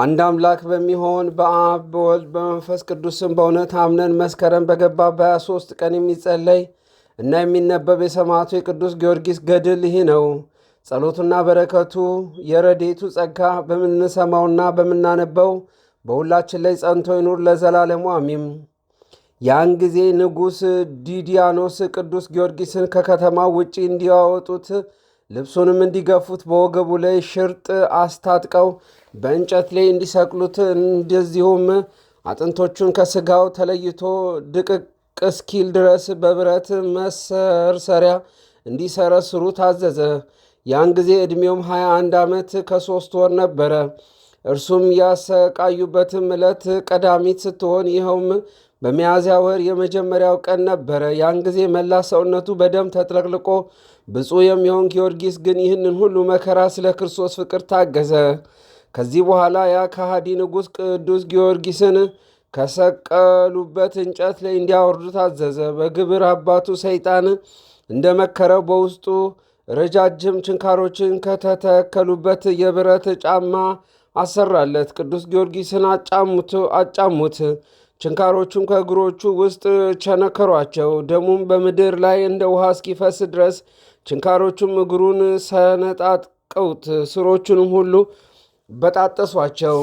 አንድ አምላክ በሚሆን በአብ በወልድ በመንፈስ ቅዱስም በእውነት አምነን መስከረም በገባ በ23 ቀን የሚጸለይ እና የሚነበብ የሰማዕቱ የቅዱስ ጊዮርጊስ ገድል ይህ ነው። ጸሎቱና በረከቱ የረዴቱ ጸጋ በምንሰማውና በምናነበው በሁላችን ላይ ጸንቶ ይኑር ለዘላለሙ አሚም። ያን ጊዜ ንጉሥ ዲዲያኖስ ቅዱስ ጊዮርጊስን ከከተማው ውጪ እንዲያወጡት ልብሱንም እንዲገፉት በወገቡ ላይ ሽርጥ አስታጥቀው በእንጨት ላይ እንዲሰቅሉት እንደዚሁም አጥንቶቹን ከስጋው ተለይቶ ድቅቅ እስኪል ድረስ በብረት መሰርሰሪያ እንዲሰረስሩ ታዘዘ። ያን ጊዜ ዕድሜውም 21 ዓመት ከሦስት ወር ነበረ። እርሱም ያሰቃዩበትም ዕለት ቀዳሚት ስትሆን ይኸውም በሚያዝያ ወር የመጀመሪያው ቀን ነበረ። ያን ጊዜ መላ ሰውነቱ በደም ተጥለቅልቆ ብፁዕ የሚሆን ጊዮርጊስ ግን ይህንን ሁሉ መከራ ስለ ክርስቶስ ፍቅር ታገዘ። ከዚህ በኋላ ያ ከሃዲ ንጉሥ ቅዱስ ጊዮርጊስን ከሰቀሉበት እንጨት ላይ እንዲያወርዱት አዘዘ። በግብር አባቱ ሰይጣን እንደ መከረው በውስጡ ረጃጅም ችንካሮችን ከተተከሉበት የብረት ጫማ አሰራለት። ቅዱስ ጊዮርጊስን አጫሙት። ችንካሮቹም ከእግሮቹ ውስጥ ቸነከሯቸው፣ ደሙም በምድር ላይ እንደ ውሃ እስኪፈስ ድረስ ችንካሮቹም እግሩን ሰነጣጥቀውት ስሮቹንም ሁሉ በጣጠሷቸው።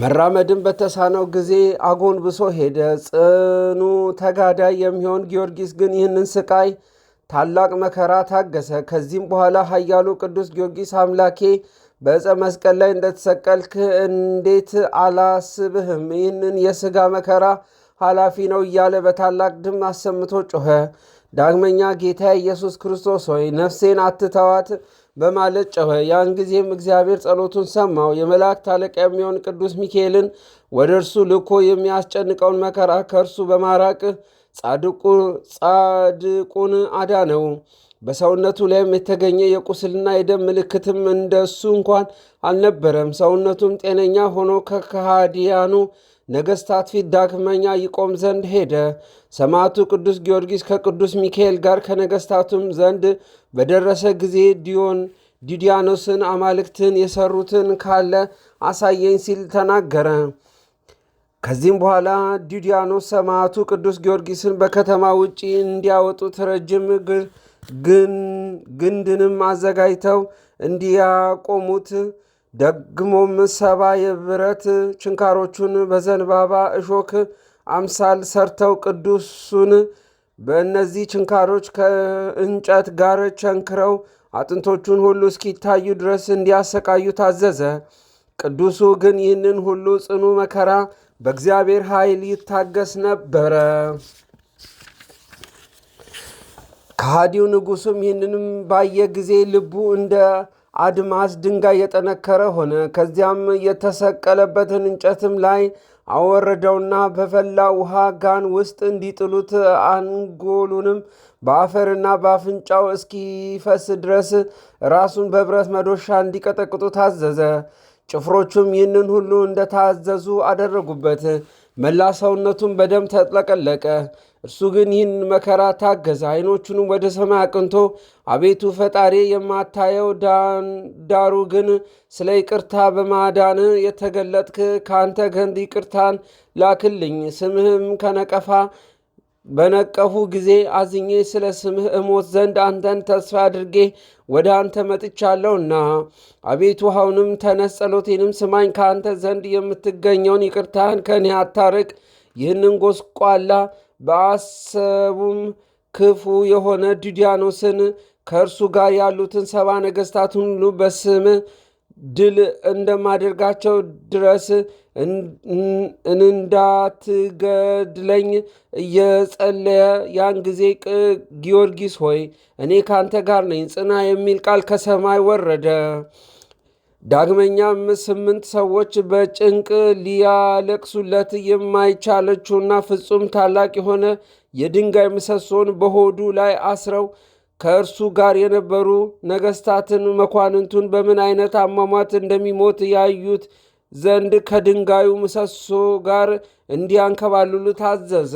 መራመድም በተሳነው ጊዜ አጎንብሶ ሄደ። ጽኑ ተጋዳይ የሚሆን ጊዮርጊስ ግን ይህንን ስቃይ ታላቅ መከራ ታገሰ። ከዚህም በኋላ ኃያሉ ቅዱስ ጊዮርጊስ አምላኬ በዕፀ መስቀል ላይ እንደተሰቀልክ እንዴት አላስብህም? ይህንን የሥጋ መከራ ኃላፊ ነው እያለ በታላቅ ድምፅ አሰምቶ ጮኸ። ዳግመኛ ጌታ ኢየሱስ ክርስቶስ ሆይ ነፍሴን አትተዋት በማለት ጮኸ። ያን ጊዜም እግዚአብሔር ጸሎቱን ሰማው። የመላእክት አለቃ የሚሆን ቅዱስ ሚካኤልን ወደ እርሱ ልኮ የሚያስጨንቀውን መከራ ከእርሱ በማራቅ ጻድቁን አዳነው። በሰውነቱ ላይም የተገኘ የቁስልና የደም ምልክትም እንደ እሱ እንኳን አልነበረም። ሰውነቱም ጤነኛ ሆኖ ከከሃዲያኑ ነገሥታት ፊት ዳግመኛ ይቆም ዘንድ ሄደ። ሰማዕቱ ቅዱስ ጊዮርጊስ ከቅዱስ ሚካኤል ጋር ከነገሥታቱም ዘንድ በደረሰ ጊዜ ዲዮን ዲዲያኖስን አማልክትን የሰሩትን ካለ አሳየኝ ሲል ተናገረ። ከዚህም በኋላ ዲዲያኖስ ሰማዕቱ ቅዱስ ጊዮርጊስን በከተማ ውጪ እንዲያወጡት ረጅም እግር ግንድንም አዘጋጅተው እንዲያቆሙት ደግሞም ሰባ የብረት ችንካሮቹን በዘንባባ እሾክ አምሳል ሰርተው ቅዱሱን በእነዚህ ችንካሮች ከእንጨት ጋር ቸንክረው አጥንቶቹን ሁሉ እስኪታዩ ድረስ እንዲያሰቃዩ ታዘዘ። ቅዱሱ ግን ይህንን ሁሉ ጽኑ መከራ በእግዚአብሔር ኃይል ይታገስ ነበረ። ከሃዲው ንጉሱም ይህንንም ባየ ጊዜ ልቡ እንደ አድማስ ድንጋይ የጠነከረ ሆነ። ከዚያም የተሰቀለበትን እንጨትም ላይ አወረደውና በፈላ ውሃ ጋን ውስጥ እንዲጥሉት አንጎሉንም በአፈርና በአፍንጫው እስኪፈስ ድረስ ራሱን በብረት መዶሻ እንዲቀጠቅጡ ታዘዘ። ጭፍሮቹም ይህንን ሁሉ እንደታዘዙ አደረጉበት። መላ ሰውነቱም በደም ተጥለቀለቀ። እርሱ ግን ይህን መከራ ታገዘ። ዓይኖቹንም ወደ ሰማይ አቅንቶ አቤቱ ፈጣሪ የማታየው ዳሩ ግን ስለ ይቅርታ በማዳን የተገለጥክ ከአንተ ገንድ ይቅርታን ላክልኝ። ስምህም ከነቀፋ በነቀፉ ጊዜ አዝኜ ስለ ስምህ እሞት ዘንድ አንተን ተስፋ አድርጌ ወደ አንተ መጥቻለሁና አቤቱ አሁንም ተነስ፣ ጸሎቴንም ስማኝ። ከአንተ ዘንድ የምትገኘውን ይቅርታህን ከኔ አታርቅ። ይህንን ጎስቋላ በአሰቡም ክፉ የሆነ ዲዲያኖስን ከእርሱ ጋር ያሉትን ሰባ ነገስታት ሁሉ በስም ድል እንደማደርጋቸው ድረስ እንዳትገድለኝ እየጸለየ ያን ጊዜ ጊዮርጊስ ሆይ እኔ ካንተ ጋር ነኝ፣ ጽና የሚል ቃል ከሰማይ ወረደ። ዳግመኛም ስምንት ሰዎች በጭንቅ ሊያለቅሱለት የማይቻለችውና ፍጹም ታላቅ የሆነ የድንጋይ ምሰሶን በሆዱ ላይ አስረው ከእርሱ ጋር የነበሩ ነገሥታትን መኳንንቱን በምን አይነት አሟሟት እንደሚሞት ያዩት ዘንድ ከድንጋዩ ምሰሶ ጋር እንዲያንከባልሉ ታዘዘ።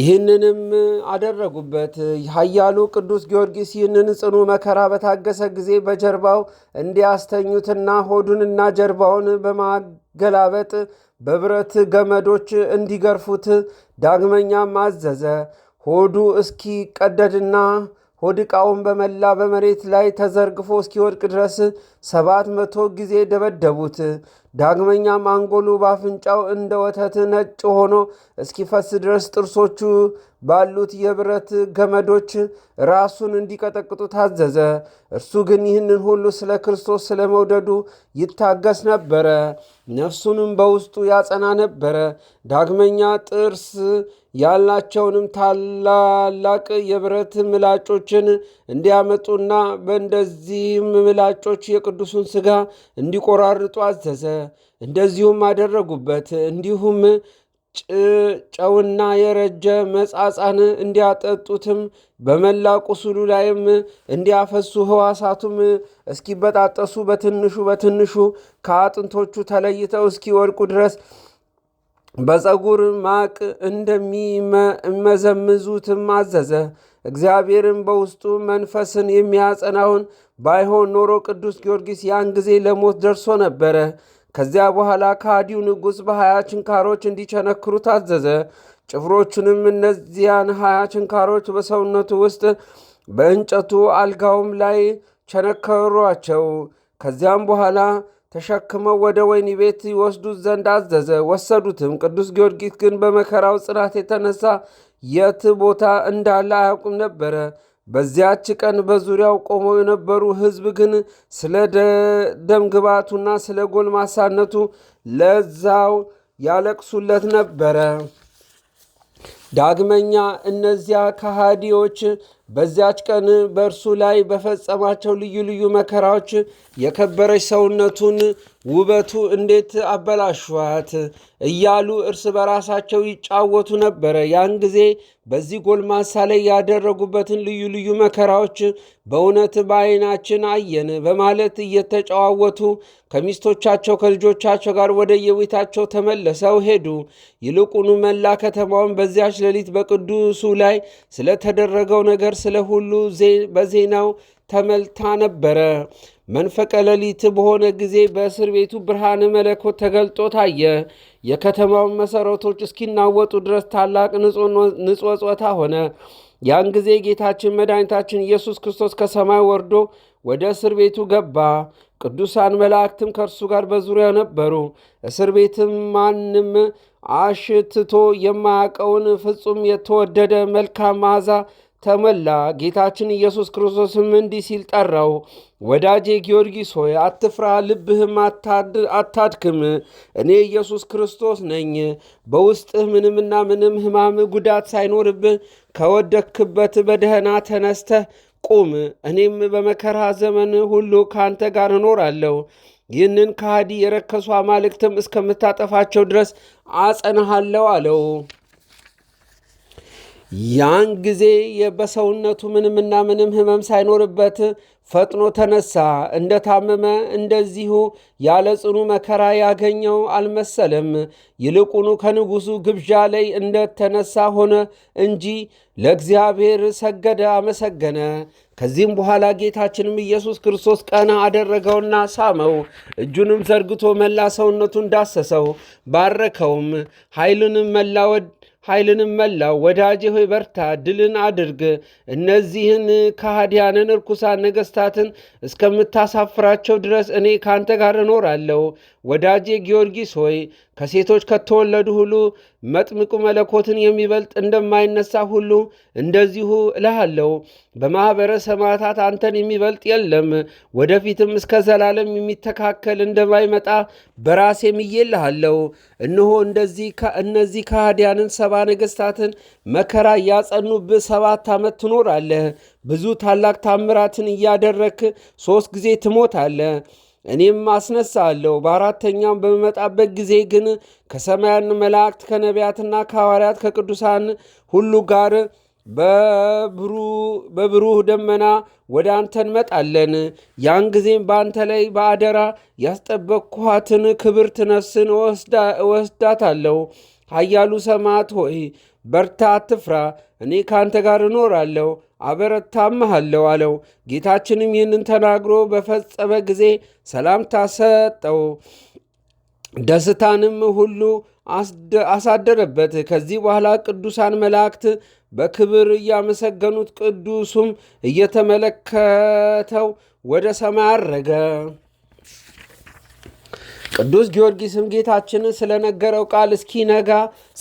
ይህንንም አደረጉበት። ኃያሉ ቅዱስ ጊዮርጊስ ይህንን ጽኑ መከራ በታገሰ ጊዜ በጀርባው እንዲያስተኙትና ሆዱንና ጀርባውን በማገላበጥ በብረት ገመዶች እንዲገርፉት ዳግመኛም አዘዘ። ሆዱ እስኪቀደድና ሆድ ዕቃውን በመላ በመሬት ላይ ተዘርግፎ እስኪወድቅ ድረስ ሰባት መቶ ጊዜ ደበደቡት። ዳግመኛም አንጎሉ በአፍንጫው እንደ ወተት ነጭ ሆኖ እስኪፈስ ድረስ ጥርሶቹ ባሉት የብረት ገመዶች ራሱን እንዲቀጠቅጡ ታዘዘ። እርሱ ግን ይህንን ሁሉ ስለ ክርስቶስ ስለ መውደዱ ይታገስ ነበረ፣ ነፍሱንም በውስጡ ያጸና ነበረ። ዳግመኛ ጥርስ ያልናቸውንም ታላላቅ የብረት ምላጮችን እንዲያመጡና በእንደዚህም ምላጮች የቅዱሱን ሥጋ እንዲቆራርጡ አዘዘ። እንደዚሁም አደረጉበት። እንዲሁም ጨውና የረጀ መጻጻን እንዲያጠጡትም በመላ ቁስሉ ላይም እንዲያፈሱ ሕዋሳቱም እስኪበጣጠሱ በትንሹ በትንሹ ከአጥንቶቹ ተለይተው እስኪወድቁ ድረስ በፀጉር ማቅ እንደሚመዘምዙትም አዘዘ። እግዚአብሔርም በውስጡ መንፈስን የሚያጸናውን ባይሆን ኖሮ ቅዱስ ጊዮርጊስ ያን ጊዜ ለሞት ደርሶ ነበረ። ከዚያ በኋላ ከሃዲው ንጉሥ በሀያ ችንካሮች እንዲቸነክሩ ታዘዘ። ጭፍሮቹንም እነዚያን ሀያ ችንካሮች በሰውነቱ ውስጥ በእንጨቱ አልጋውም ላይ ቸነከሯቸው። ከዚያም በኋላ ተሸክመው ወደ ወይኒ ቤት ይወስዱት ዘንድ አዘዘ። ወሰዱትም። ቅዱስ ጊዮርጊስ ግን በመከራው ጽናት የተነሳ የት ቦታ እንዳለ አያውቁም ነበረ። በዚያች ቀን በዙሪያው ቆመው የነበሩ ሕዝብ ግን ስለ ግባቱና ስለ ጎልማሳነቱ ለዛው ያለቅሱለት ነበረ። ዳግመኛ እነዚያ ከሃዲዎች በዚያች ቀን በእርሱ ላይ በፈጸማቸው ልዩ ልዩ መከራዎች የከበረች ሰውነቱን ውበቱ እንዴት አበላሿት እያሉ እርስ በራሳቸው ይጫወቱ ነበረ። ያን ጊዜ በዚህ ጎልማሳ ላይ ያደረጉበትን ልዩ ልዩ መከራዎች በእውነት በዓይናችን አየን በማለት እየተጫዋወቱ ከሚስቶቻቸው ከልጆቻቸው ጋር ወደ የቤታቸው ተመልሰው ሄዱ። ይልቁኑ መላ ከተማውን በዚያች ሌሊት በቅዱሱ ላይ ስለተደረገው ነገር ስለ ሁሉ በዜናው ተመልታ ነበረ። መንፈቀ ሌሊት በሆነ ጊዜ በእስር ቤቱ ብርሃነ መለኮት ተገልጦ ታየ። የከተማውን መሠረቶች እስኪናወጡ ድረስ ታላቅ ንጽወጽወታ ሆነ። ያን ጊዜ ጌታችን መድኃኒታችን ኢየሱስ ክርስቶስ ከሰማይ ወርዶ ወደ እስር ቤቱ ገባ። ቅዱሳን መላእክትም ከእርሱ ጋር በዙሪያው ነበሩ። እስር ቤትም ማንም አሽትቶ የማያውቀውን ፍጹም የተወደደ መልካም መዓዛ ተመላ። ጌታችን ኢየሱስ ክርስቶስም እንዲህ ሲል ጠራው፣ ወዳጄ ጊዮርጊስ ሆይ አትፍራ፣ ልብህም አታድክም። እኔ ኢየሱስ ክርስቶስ ነኝ። በውስጥህ ምንምና ምንም ሕማም ጉዳት ሳይኖርብህ ከወደክበት በደህና ተነስተህ ቁም። እኔም በመከራ ዘመን ሁሉ ከአንተ ጋር እኖራለሁ። ይህንን ከሃዲ የረከሱ አማልክትም እስከምታጠፋቸው ድረስ አጸንሃለሁ አለው። ያን ጊዜ በሰውነቱ ምንምና ምንም ሕመም ሳይኖርበት ፈጥኖ ተነሳ። እንደ ታመመ እንደዚሁ ያለ ጽኑ መከራ ያገኘው አልመሰለም። ይልቁኑ ከንጉሡ ግብዣ ላይ እንደተነሳ ሆነ እንጂ ለእግዚአብሔር ሰገደ፣ አመሰገነ። ከዚህም በኋላ ጌታችንም ኢየሱስ ክርስቶስ ቀና አደረገውና ሳመው። እጁንም ዘርግቶ መላ ሰውነቱን ዳሰሰው፣ ባረከውም። ኃይልንም መላወድ ኃይልንም መላው። ወዳጄ ሆይ በርታ፣ ድልን አድርግ። እነዚህን ከሃዲያንን ርኩሳን ነገሥታትን እስከምታሳፍራቸው ድረስ እኔ ካንተ ጋር እኖራለሁ። ወዳጄ ጊዮርጊስ ሆይ ከሴቶች ከተወለዱ ሁሉ መጥምቁ መለኮትን የሚበልጥ እንደማይነሳ ሁሉ እንደዚሁ እልሃለሁ። በማኅበረ ሰማዕታት አንተን የሚበልጥ የለም፣ ወደፊትም እስከ ዘላለም የሚተካከል እንደማይመጣ በራሴ ምዬ እልሃለሁ። እነሆ እንደዚህ እነዚህ ከሃዲያንን ሰ ሰባ ነገሥታትን መከራ እያጸኑብህ ሰባት ዓመት ትኖራለህ። ብዙ ታላቅ ታምራትን እያደረክ ሦስት ጊዜ ትሞታለህ። እኔም አስነሳለሁ። በአራተኛም በመጣበት ጊዜ ግን ከሰማያን መላእክት ከነቢያትና ከሐዋርያት ከቅዱሳን ሁሉ ጋር በብሩህ ደመና ወደ አንተ እንመጣለን። ያን ጊዜም በአንተ ላይ በአደራ ያስጠበቅኳትን ክብርት ነፍስን እወስዳታለሁ። ኃያሉ ሰማዕት ሆይ በርታ፣ አትፍራ፣ እኔ ከአንተ ጋር እኖራለሁ አበረታምሃለሁ አለው። ጌታችንም ይህንን ተናግሮ በፈጸመ ጊዜ ሰላምታ ሰጠው፣ ደስታንም ሁሉ አሳደረበት። ከዚህ በኋላ ቅዱሳን መላእክት በክብር እያመሰገኑት፣ ቅዱሱም እየተመለከተው ወደ ሰማይ አረገ። ቅዱስ ጊዮርጊስም ጌታችን ስለነገረው ቃል እስኪነጋ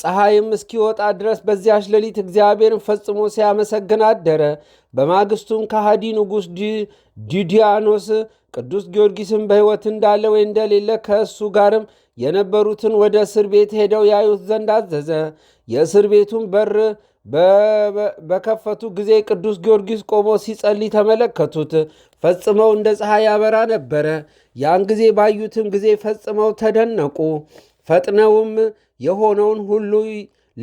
ፀሐይም እስኪወጣ ድረስ በዚያች ሌሊት እግዚአብሔርን ፈጽሞ ሲያመሰግን አደረ። በማግስቱም ከሃዲ ንጉሥ ዲዲያኖስ ቅዱስ ጊዮርጊስም በሕይወት እንዳለ ወይ እንደሌለ ከእሱ ጋርም የነበሩትን ወደ እስር ቤት ሄደው ያዩት ዘንድ አዘዘ። የእስር ቤቱን በር በከፈቱ ጊዜ ቅዱስ ጊዮርጊስ ቆሞ ሲጸልይ ተመለከቱት። ፈጽመው እንደ ፀሐይ ያበራ ነበረ። ያን ጊዜ ባዩትም ጊዜ ፈጽመው ተደነቁ። ፈጥነውም የሆነውን ሁሉ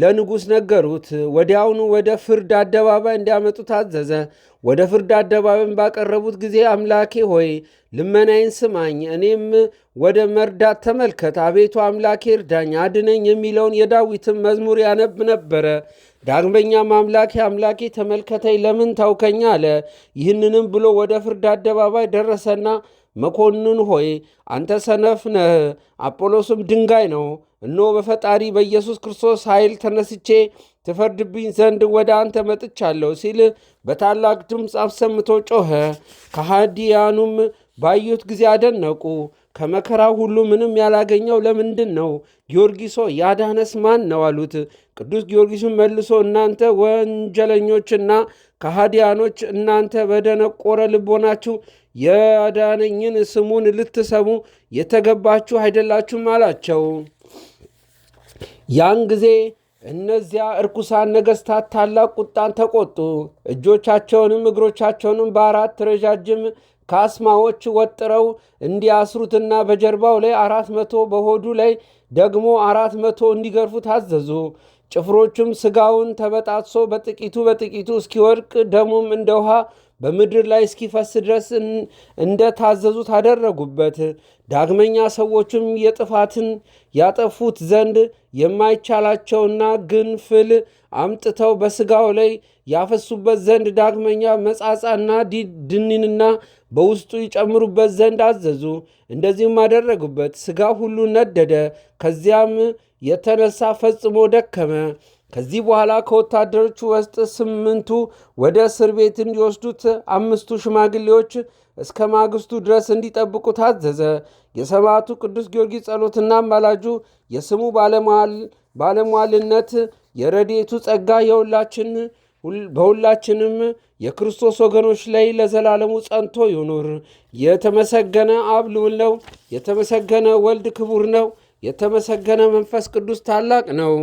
ለንጉሥ ነገሩት። ወዲያውኑ ወደ ፍርድ አደባባይ እንዲያመጡ ታዘዘ። ወደ ፍርድ አደባባይም ባቀረቡት ጊዜ አምላኬ ሆይ ልመናዬን ስማኝ፣ እኔም ወደ መርዳት ተመልከት። አቤቱ አምላኬ እርዳኝ፣ አድነኝ የሚለውን የዳዊትን መዝሙር ያነብ ነበረ። ዳግመኛም አምላኬ አምላኬ ተመልከተኝ ለምን ታውከኛ አለ። ይህንንም ብሎ ወደ ፍርድ አደባባይ ደረሰና መኮንን ሆይ አንተ ሰነፍ ነህ፣ አጶሎስም ድንጋይ ነው። እኖ በፈጣሪ በኢየሱስ ክርስቶስ ኃይል ተነስቼ ትፈርድብኝ ዘንድ ወደ አንተ መጥቻለሁ ሲል በታላቅ ድምፅ አሰምቶ ጮኸ። ከሃዲያኑም ባዩት ጊዜ አደነቁ። ከመከራው ሁሉ ምንም ያላገኘው ለምንድን ነው? ጊዮርጊሶ ያዳነስ ማን ነው አሉት። ቅዱስ ጊዮርጊሱን መልሶ እናንተ ወንጀለኞችና ከሃዲያኖች እናንተ በደነቆረ ልቦናችሁ የዳነኝን ስሙን ልትሰሙ የተገባችሁ አይደላችሁም አላቸው። ያን ጊዜ እነዚያ እርኩሳን ነገሥታት ታላቅ ቁጣን ተቆጡ። እጆቻቸውንም እግሮቻቸውንም በአራት ረዣዥም ካስማዎች ወጥረው እንዲያስሩትና በጀርባው ላይ አራት መቶ በሆዱ ላይ ደግሞ አራት መቶ እንዲገርፉ ታዘዙ። ጭፍሮቹም ስጋውን ተበጣጥሶ በጥቂቱ በጥቂቱ እስኪወድቅ ደሙም እንደ ውሃ በምድር ላይ እስኪፈስ ድረስ እንደ ታዘዙት አደረጉበት። ዳግመኛ ሰዎቹም የጥፋትን ያጠፉት ዘንድ የማይቻላቸውና ግን ፍል አምጥተው በስጋው ላይ ያፈሱበት ዘንድ ዳግመኛ መጻጻና ድንንና በውስጡ ይጨምሩበት ዘንድ አዘዙ። እንደዚህም አደረጉበት። ሥጋ ሁሉ ነደደ፣ ከዚያም የተነሳ ፈጽሞ ደከመ። ከዚህ በኋላ ከወታደሮቹ ውስጥ ስምንቱ ወደ እስር ቤት እንዲወስዱት፣ አምስቱ ሽማግሌዎች እስከ ማግስቱ ድረስ እንዲጠብቁ ታዘዘ። የሰማዕቱ ቅዱስ ጊዮርጊስ ጸሎትና አማላጁ የስሙ ባለሟልነት የረድኤቱ ጸጋ የሁላችን በሁላችንም የክርስቶስ ወገኖች ላይ ለዘላለሙ ጸንቶ ይኑር። የተመሰገነ አብ ልዑል ነው። የተመሰገነ ወልድ ክቡር ነው። የተመሰገነ መንፈስ ቅዱስ ታላቅ ነው።